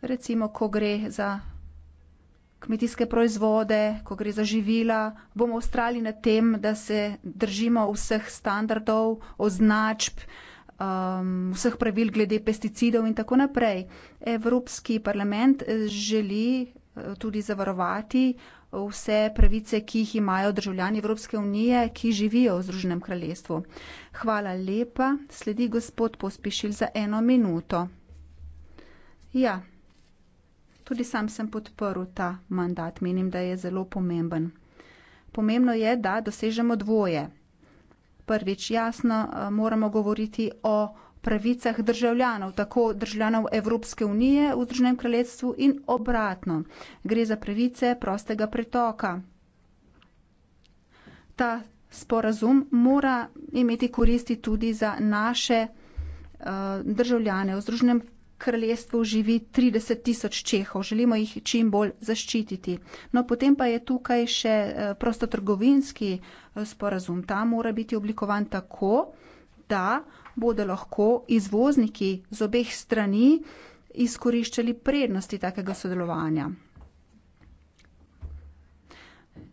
Recimo, ko gre za kmetijske proizvode, ko gre za živila, bomo vstrali na tem, da se držimo vseh standardov, označb, um, vseh pravil glede pesticidov in tako naprej. Evropski parlament želi uh, tudi zavarovati vse pravice, ki jih imajo državljani Evropske unije, ki živijo v Združenem kraljestvu. Hvala lepa. Sledi gospod Pospišil za eno minuto. Ja, tudi sam sem podprl ta mandat. Menim, da je zelo pomemben. Pomembno je, da dosežemo dvoje prvič jasno eh, moramo govoriti o pravicah državljanov, tako državljanov Evropske unije v Združenem kraljestvu in obratno. Gre za pravice prostega pretoka. Ta sporazum mora imeti koristi tudi za naše eh, državljane v Združenem kraljestvu kraljestvu živi 30 tisoč Čehov, želimo jih čim bolj zaščititi. No, potem pa je tukaj še eh, prostotrgovinski eh, sporazum. Ta mora biti oblikovan tako, da bodo lahko izvozniki z obeh strani izkoriščali prednosti takega sodelovanja.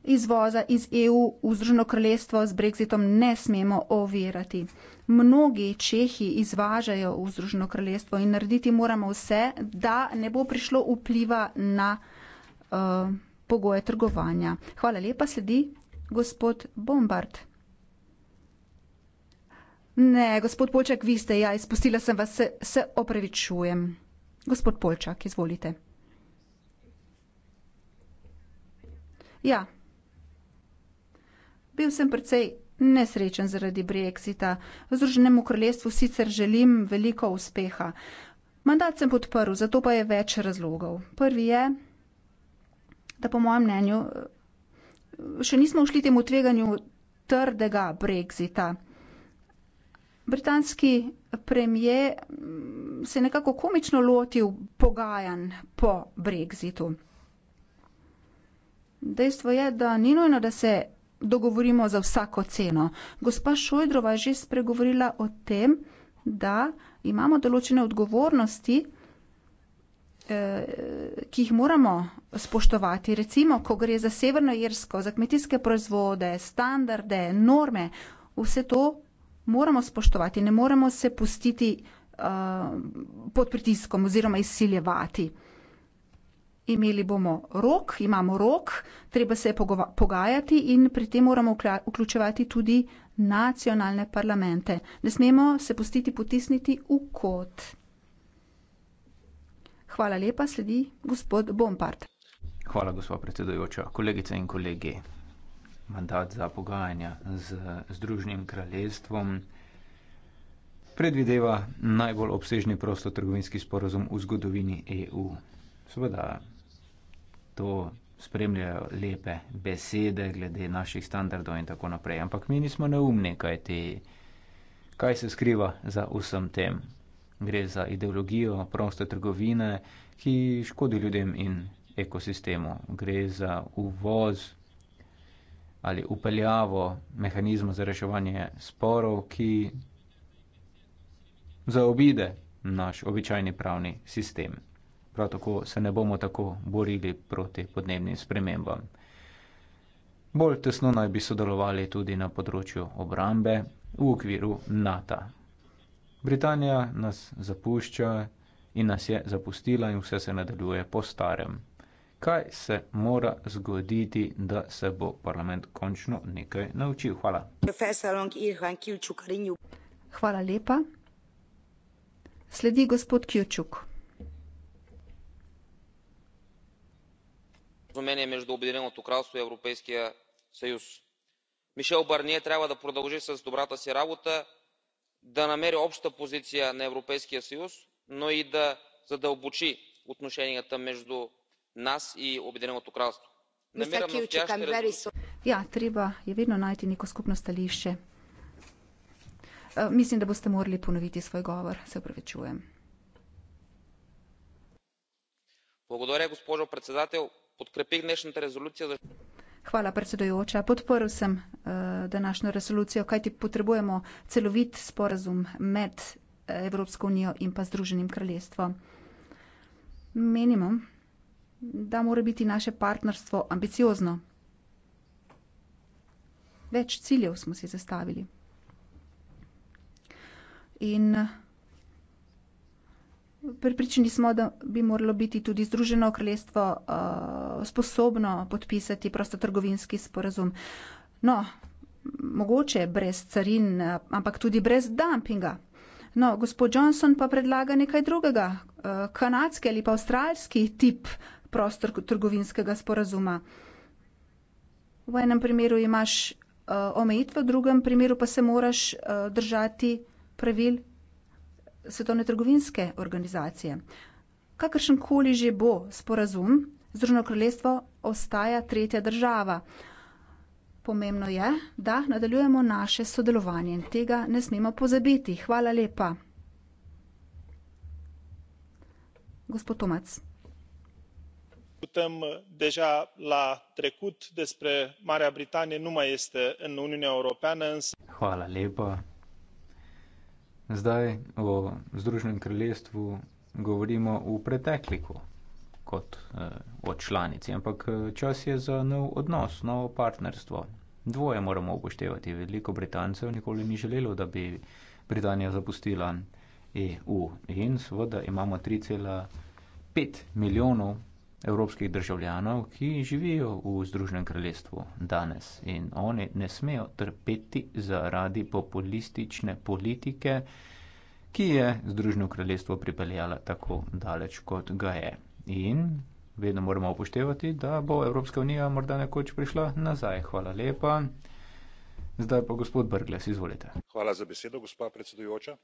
Izvoza iz EU v Združeno kraljestvo z brexitom ne smemo ovirati mnogi Čehi izvažajo v Združeno kraljestvo in narediti moramo vse, da ne bo prišlo vpliva na uh, pogoje trgovanja. Hvala lepa, sledi gospod Bombard. Ne, gospod Polčak, vi ste, ja, izpustila sem vas, se, se opravičujem. Gospod Polčak, izvolite. Ja, bil sem precej nesrečen zaradi brexita. Združenemu kraljestvu sicer želim veliko uspeha. Mandat sem podprl, zato pa je več razlogov. Prvi je, da po mojem mnenju eh, še nismo ušli temu tveganju trdega brexita. Britanski premije mm, se je nekako komično lotil pogajanj po brexitu. Dejstvo je, da ni nujno, da se dogovorimo za vsako ceno. Gospa Šojdrova je že spregovorila o tem, da imamo določene odgovornosti, eh, ki jih moramo spoštovati. Recimo, ko gre za Severno Irsko, za kmetijske proizvode, standarde, norme, vse to moramo spoštovati, ne moremo se pustiti eh, pod pritiskom oziroma izsiljevati imeli bomo rok, imamo rok, treba se je pogajati in pri tem moramo vključevati tudi nacionalne parlamente. Ne smemo se pustiti potisniti v kot. Hvala lepa, sledi gospod Bompart. Hvala, gospod predsedujoča. Kolegice in kolegi, mandat za pogajanja z Združnim kraljestvom predvideva najbolj obsežni prostotrgovinski sporozum v zgodovini EU. Seveda, to spremljajo lepe besede glede naših standardov in tako naprej. Ampak mi nismo neumni, kaj, ti, kaj se skriva za vsem tem. Gre za ideologijo proste trgovine, ki škodi ljudem in ekosistemu. Gre za uvoz ali upeljavo mehanizma za reševanje sporov, ki zaobide naš običajni pravni sistem prav tako se ne bomo tako borili proti podnebnim spremembam. Bolj tesno naj bi sodelovali tudi na področju obrambe v okviru NATO. Britanija nas zapušča in nas je zapustila in vse se nadaljuje po starem. Kaj se mora zgoditi, da se bo parlament končno nekaj naučil? Hvala. Hvala lepa. Sledi gospod Kjučuk. споразумение между обединеното кралство и европейския съюз. мишел барние трябва да продължи с добрата си работа да намери обща позиция на европейския съюз но и да задълбочи отношенията между нас и обединеното кралство. намирам Ja, treba je vedno najti neko skupno stališče. Mislim, da boste morali ponoviti svoj govor. Se opravičujem. Hvala, gospod predsedatelj podkrepil dnešnjo rezolucijo. Hvala, predsedujoča. Podporil sem uh, današnjo rezolucijo, kajti potrebujemo celovit sporazum med eh, Evropsko unijo in pa Združenim kraljestvom. Menimo, da mora biti naše partnerstvo ambiciozno. Več ciljev smo si zastavili. In uh, Pripričani smo, da bi moralo biti tudi Združeno kraljestvo uh, sposobno podpisati prostotrgovinski sporazum. No, mogoče brez carin, eh, ampak tudi brez dumpinga. No, gospod Johnson pa predlaga nekaj drugega, uh, kanadski ali pa avstralski tip prostotrgovinskega sporazuma. V enem primeru imaš uh, omejitve, v drugem primeru pa se moraš uh, držati pravil svetovne trgovinske organizacije. Kakršen koli že bo sporazum, Združeno kraljestvo ostaja tretja država. Pomembno je, da nadaljujemo naše sodelovanje in tega ne smemo pozabiti. Hvala lepa. Gospod Tomac. Putem deja la trecut despre Marea Britanie nu mai este în Uniunea Europeană, însă... Hvala lepa zdaj o Združenem kraljestvu govorimo v pretekliku kot eh, o članici, ampak eh, čas je za nov odnos, novo partnerstvo. Dvoje moramo upoštevati. Veliko Britancev nikoli ni želelo, da bi Britanija zapustila EU in seveda imamo 3,5 milijonov evropskih državljanov, ki živijo v Združenem kraljestvu danes in oni ne smejo trpeti zaradi populistične politike, ki je Združeno kraljestvo pripeljala tako daleč, kot ga je. In vedno moramo upoštevati, da bo Evropska unija morda nekoč prišla nazaj. Hvala lepa. Zdaj pa gospod Brgles, izvolite. Hvala za besedo, gospa predsedujoča.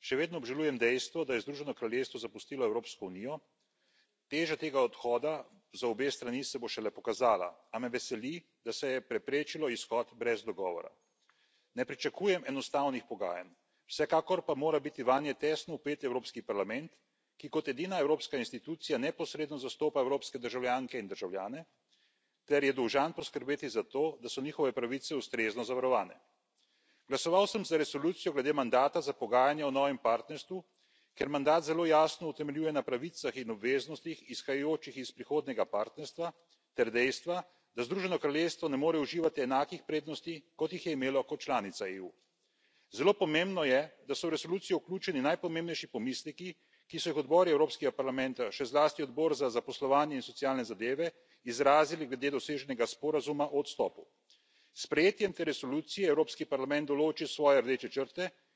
Še vedno obžalujem dejstvo, da je Združeno kraljestvo zapustilo Evropsko unijo, teža tega odhoda za obe strani se bo šele pokazala a me veseli da se je preprečilo izhod brez dogovora. ne pričakujem enostavnih pogajanj vsekakor pa mora biti vanje tesno vpet evropski parlament ki kot edina evropska institucija neposredno zastopa evropske državljanke in državljane ter je dolžan poskrbeti za to da so njihove pravice ustrezno zavarovane. glasoval sem za resolucijo glede mandata za pogajanja o novem partnerstvu ker mandat zelo jasno utemeljuje na pravicah in obveznostih izhajajočih iz prihodnjega partnerstva ter dejstva da združeno kraljestvo ne more uživati enakih prednosti kot jih je imelo kot članica eu. zelo pomembno je da so v resolucijo vključeni najpomembnejši pomisleki ki so jih odbori evropskega parlamenta še zlasti odbor za zaposlovanje in socialne zadeve izrazili glede doseženega sporazuma o odstopu. s sprejetjem te resolucije je evropski parlament določil svoje rdeče črte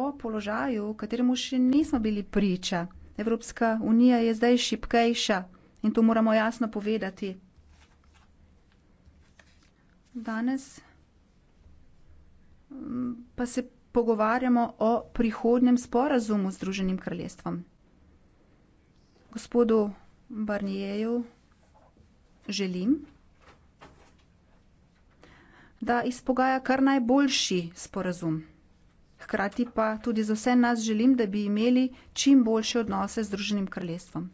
o položaju, kateremu še nismo bili priča. Evropska unija je zdaj šipkejša in to moramo jasno povedati. Danes mm, pa se pogovarjamo o prihodnem sporazumu z Združenim kraljestvom. Gospodu Barnijeju želim, da izpogaja kar najboljši sporazum hkrati pa tudi za vse nas želim, da bi imeli čim boljše odnose z Združenim kraljestvom.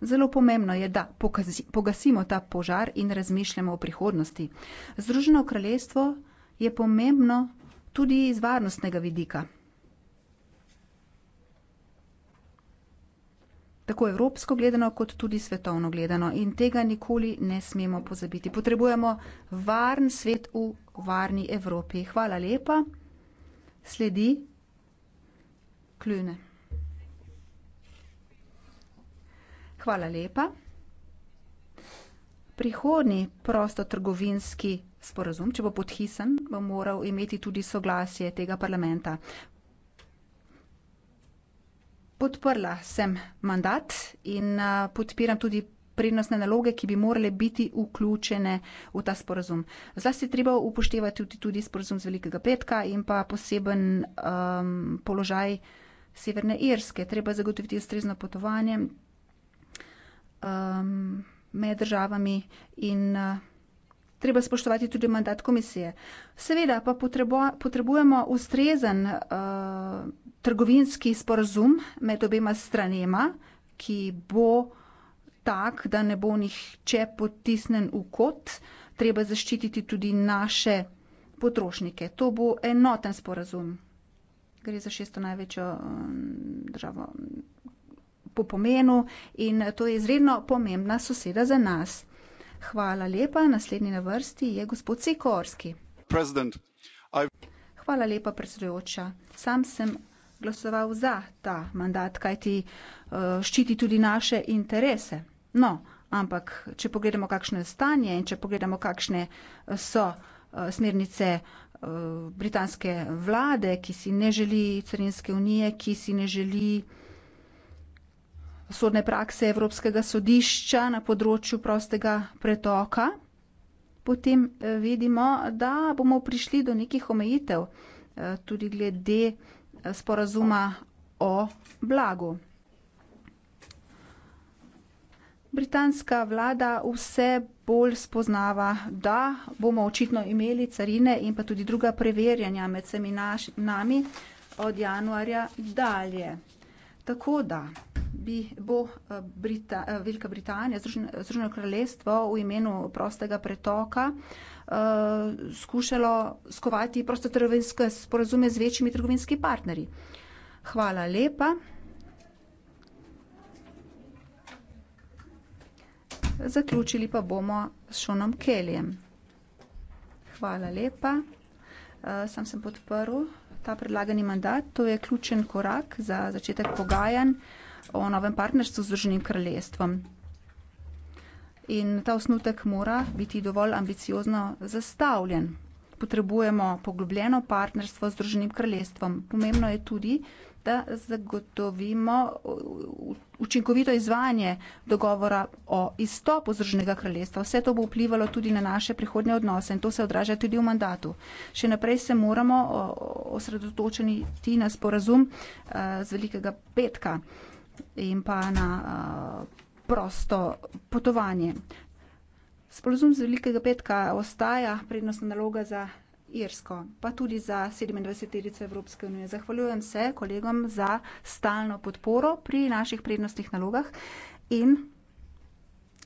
Zelo pomembno je, da pokazi, pogasimo ta požar in razmišljamo o prihodnosti. Združeno kraljestvo je pomembno tudi iz varnostnega vidika. tako evropsko gledano, kot tudi svetovno gledano. In tega nikoli ne smemo pozabiti. Potrebujemo varen svet v varni Evropi. Hvala lepa. Sledi kljune. Hvala lepa. Prihodni prostotrgovinski sporazum, če bo podhisen, bo moral imeti tudi soglasje tega parlamenta podprla sem mandat in podpiram tudi prednostne naloge, ki bi morale biti vključene v ta sporazum. Zlasti treba upoštevati tudi, tudi sporazum z Velikega petka in pa poseben um, položaj Severne Irske. Treba zagotoviti ustrezno potovanje um, med državami in uh, treba spoštovati tudi mandat komisije. Seveda pa potrebo, potrebujemo ustrezen uh, trgovinski sporazum med obema stranema, ki bo tak, da ne bo nihče potisnen v kot, treba zaščititi tudi naše potrošnike. To bo enoten sporazum. Gre za šesto največjo eh, državo po pomenu in to je izredno pomembna soseda za nas. Hvala lepa. Naslednji na vrsti je gospod Sikorski. Hvala lepa, predsedujoča. Sam sem glasoval za ta mandat, kajti eh, ščiti tudi naše interese. No, ampak če pogledamo, kakšno je stanje in če pogledamo, kakšne eh, so eh, smernice britanske vlade, ki si ne želi carinske unije, ki si ne želi sodne prakse Evropskega sodišča na področju prostega pretoka, potem eh, vidimo, da bomo prišli do nekih omejitev eh, tudi glede eh, sporazuma o blagu. Britanska vlada vse bolj spoznava, da bomo očitno imeli carine in pa tudi druga preverjanja med vsemi naš, nami od januarja dalje. Tako da bi, bo eh, Brita, eh, Velika Britanija, Združeno kraljestvo v imenu prostega pretoka uh, skušalo skovati prostotrgovinske sporazume z večjimi trgovinskimi partnerji. Hvala lepa. Zaključili pa bomo s Šonom Kelijem. Hvala lepa. Uh, sam sem podprl ta predlagani mandat. To je ključen korak za začetek pogajanj o novem partnerstvu z Združenim kraljestvom. In ta osnutek mora biti dovolj ambiciozno zastavljen. Potrebujemo poglobljeno partnerstvo z Združenim kraljestvom. Pomembno je tudi, da zagotovimo učinkovito izvajanje dogovora o izstopu Združenega kraljestva. Vse to bo vplivalo tudi na naše prihodnje odnose in to se odraža tudi v mandatu. Še naprej se moramo osredotočiti na sporazum eh, z Velikega petka in pa na uh, prosto potovanje. Sporozum z Velikega petka ostaja prednostna naloga za Irsko, pa tudi za 27. Evropske unije. Zahvaljujem se kolegom za stalno podporo pri naših prednostnih nalogah in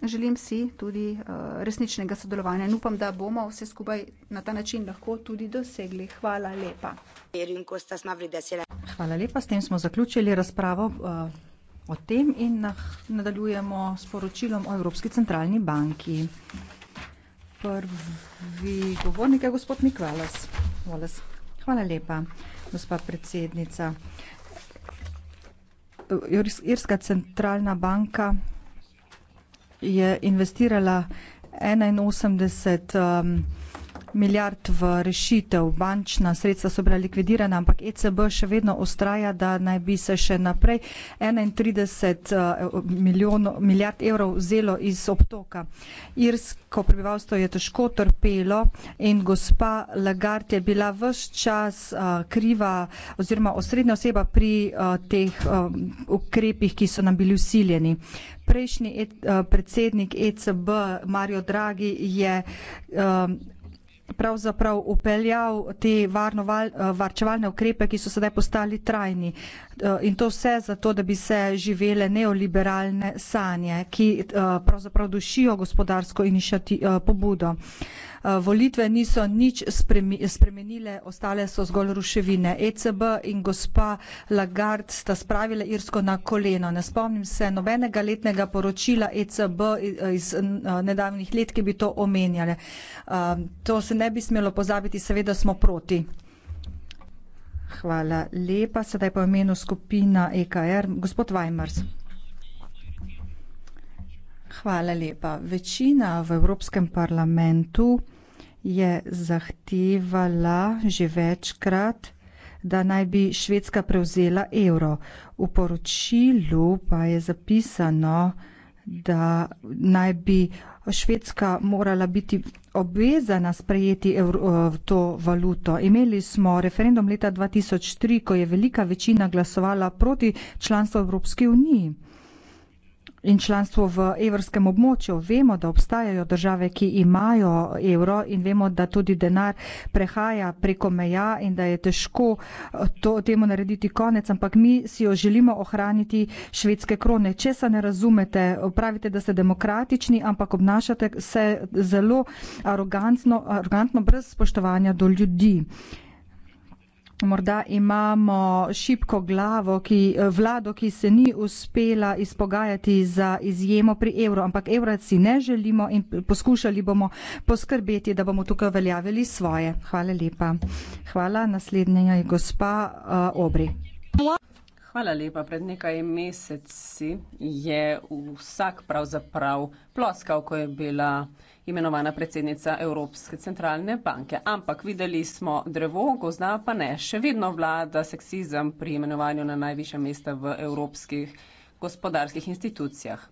želim si tudi uh, resničnega sodelovanja. In upam, da bomo vse skupaj na ta način lahko tudi dosegli. Hvala lepa. Hvala lepa, s tem smo zaključili razpravo. Uh, o tem in nadaljujemo s poročilom o Evropski centralni banki. Prvi govornik je gospod Nik Valas. Valas. Hvala lepa, gospod predsednica. Irska centralna banka je investirala 81 um, milijard v rešitev. Bančna sredstva so bila likvidirana, ampak ECB še vedno ustraja, da naj bi se še naprej 31 eh, milijonov, milijard evrov vzelo iz obtoka. Irsko prebivalstvo je težko trpelo in gospa Lagarde je bila vse čas eh, kriva oziroma osrednja oseba pri eh, teh ukrepih, ki so nam bili usiljeni. Prejšnji e, predsednik ECB Mario Draghi je pravzaprav upeljal te varnoval, eh, varčevalne ukrepe, ki so sedaj postali trajni. Eh, in to vse zato, da bi se živele neoliberalne sanje, ki eh, pravzaprav dušijo gospodarsko inšati, pobudo. Eh, volitve niso nič spremenile ostale so zgolj ruševine. ecb in gospa lagarde sta spravili irsko na kolena. ne spomnim se nobenega letnega poročila ecb iz eh, nedavnih let ki bi to omenjale. Eh, to se ne bi smelo pozabiti seveda smo proti. Hvala lepa. Večina v Evropskem parlamentu je zahtevala že večkrat, da naj bi Švedska prevzela evro. V poročilu pa je zapisano, da naj bi Švedska morala biti obvezana sprejeti eh, to valuto. Imeli smo referendum leta 2003, ko je velika večina glasovala proti članstvu Evropske unije in članstvo v evrskem območju. Vemo, da obstajajo države, ki imajo evro in vemo, da tudi denar prehaja preko meja in da je težko eh, to, temu narediti konec, ampak mi si jo želimo ohraniti švedske krone. Če se ne razumete, pravite, da ste demokratični, ampak obnašate se zelo arogantno, arogantno brez spoštovanja do ljudi. Morda imamo šipko glavo, ki, eh, vlado, ki se ni uspela izpogajati za izjemo pri evru, ampak evra si ne želimo in poskušali bomo poskrbeti, da bomo tukaj uveljavili svoje. Hvala lepa. Hvala. Naslednja je gospa uh, Obri. Hvala lepa. Pred nekaj meseci je vsak pravzaprav ploskal, ko je bila imenovana predsednica Evropske centralne banke. Ampak videli smo drevo, gozda pa ne. Še vedno vlada seksizem pri imenovanju na najviše mesta v evropskih gospodarskih institucijah.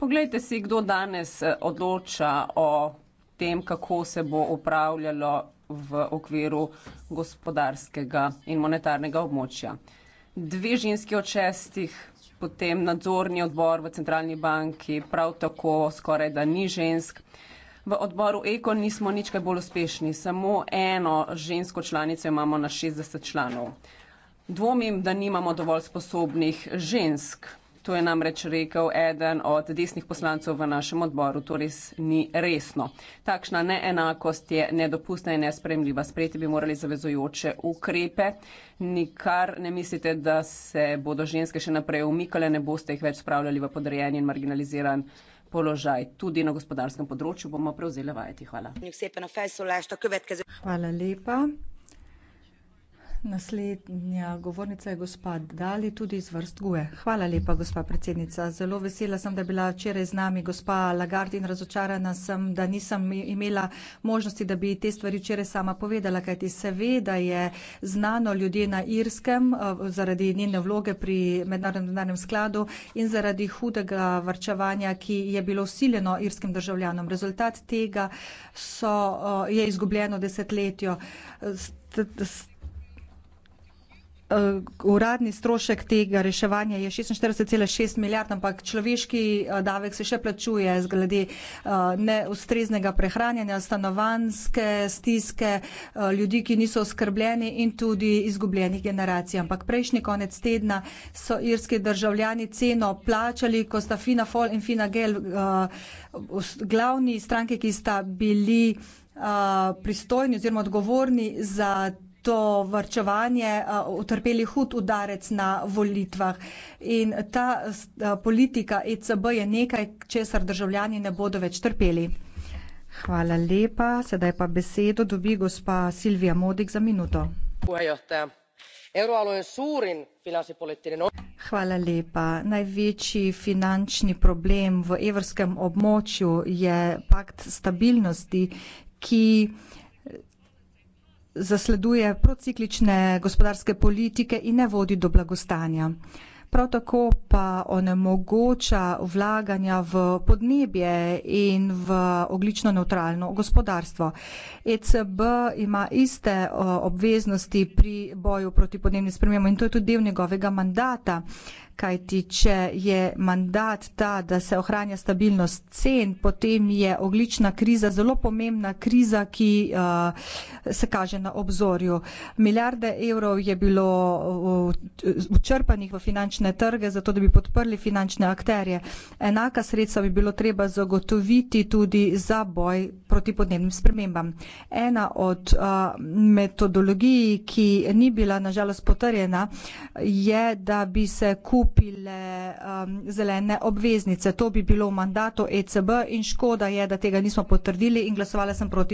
Poglejte si, kdo danes eh, odloča o tem, kako se bo upravljalo v okviru gospodarskega in monetarnega območja. Dve ženski od šestih, potem nadzorni odbor v centralni banki, prav tako skoraj da ni žensk. V odboru Eko nismo nič kaj bolj uspešni, samo eno žensko članico imamo na 60 članov. Dvomim, da nimamo dovolj sposobnih žensk. To je namreč rekel eden od desnih poslancev v našem odboru. To res ni resno. Takšna neenakost je nedopustna in nespremljiva. Sprejeti bi morali zavezujoče ukrepe. Nikar ne mislite, da se bodo ženske še naprej umikale, ne boste jih več spravljali v podrejen in marginaliziran položaj tudi na gospodarskem področju, bomo prevzeli vajeti. Hvala. Hvala lepa. Naslednja govornica je gospa Dali, tudi iz vrst GUE. Hvala lepa, gospa predsednica. Zelo vesela sem, da je bila včeraj z nami gospa Lagarde in razočarana sem, da nisem imela možnosti, da bi te stvari včeraj sama povedala, kajti seveda je znano ljudje na Irskem eh, zaradi njene vloge pri Mednarodnem denarnem skladu in zaradi hudega varčevanja, ki je bilo usiljeno irskim državljanom. Rezultat tega so, eh, je izgubljeno desetletje. Eh, uradni strošek tega reševanja je 46,6 milijard, ampak človeški eh, davek se še plačuje zglede eh, neustreznega prehranjanja, stanovanske stiske, ljudi, ki niso oskrbljeni in tudi izgubljenih generacij. Ampak prejšnji konec tedna so irski državljani ceno plačali, ko sta Fina Fol in Fina Gel glavni stranke, ki sta bili pristojni oziroma odgovorni za to varčevanje utrpeli hud udarec na volitvah. In ta politika ECB je nekaj, česar državljani ne bodo več trpeli. Hvala lepa. Sedaj pa besedo dobi gospa Silvija Modik za minuto. Hvala lepa. Največji finančni problem v evrskem območju je pakt stabilnosti, ki zasleduje prociklične gospodarske politike in ne vodi do blagostanja. Prav tako pa onemogoča vlaganja v podnebje in v oglično neutralno gospodarstvo. ECB ima iste obveznosti pri boju proti podnebnim spremembam in to je tudi del njegovega mandata kajti če je mandat ta, da se ohranja stabilnost cen, potem je oglična kriza zelo pomembna kriza, ki eh, se kaže na obzorju. Milijarde evrov je bilo eh, učrpanih v finančne trge, zato da bi podprli finančne akterje. Enaka sredstva bi bilo treba zagotoviti tudi za boj proti podnebnim spremembam. Ena od eh, metodologij, ki ni bila nažalost potrjena, je, da bi se kup kupile um, zelene obveznice. To bi bilo v mandatu ECB in škoda je, da tega nismo potrdili in glasovala sem proti.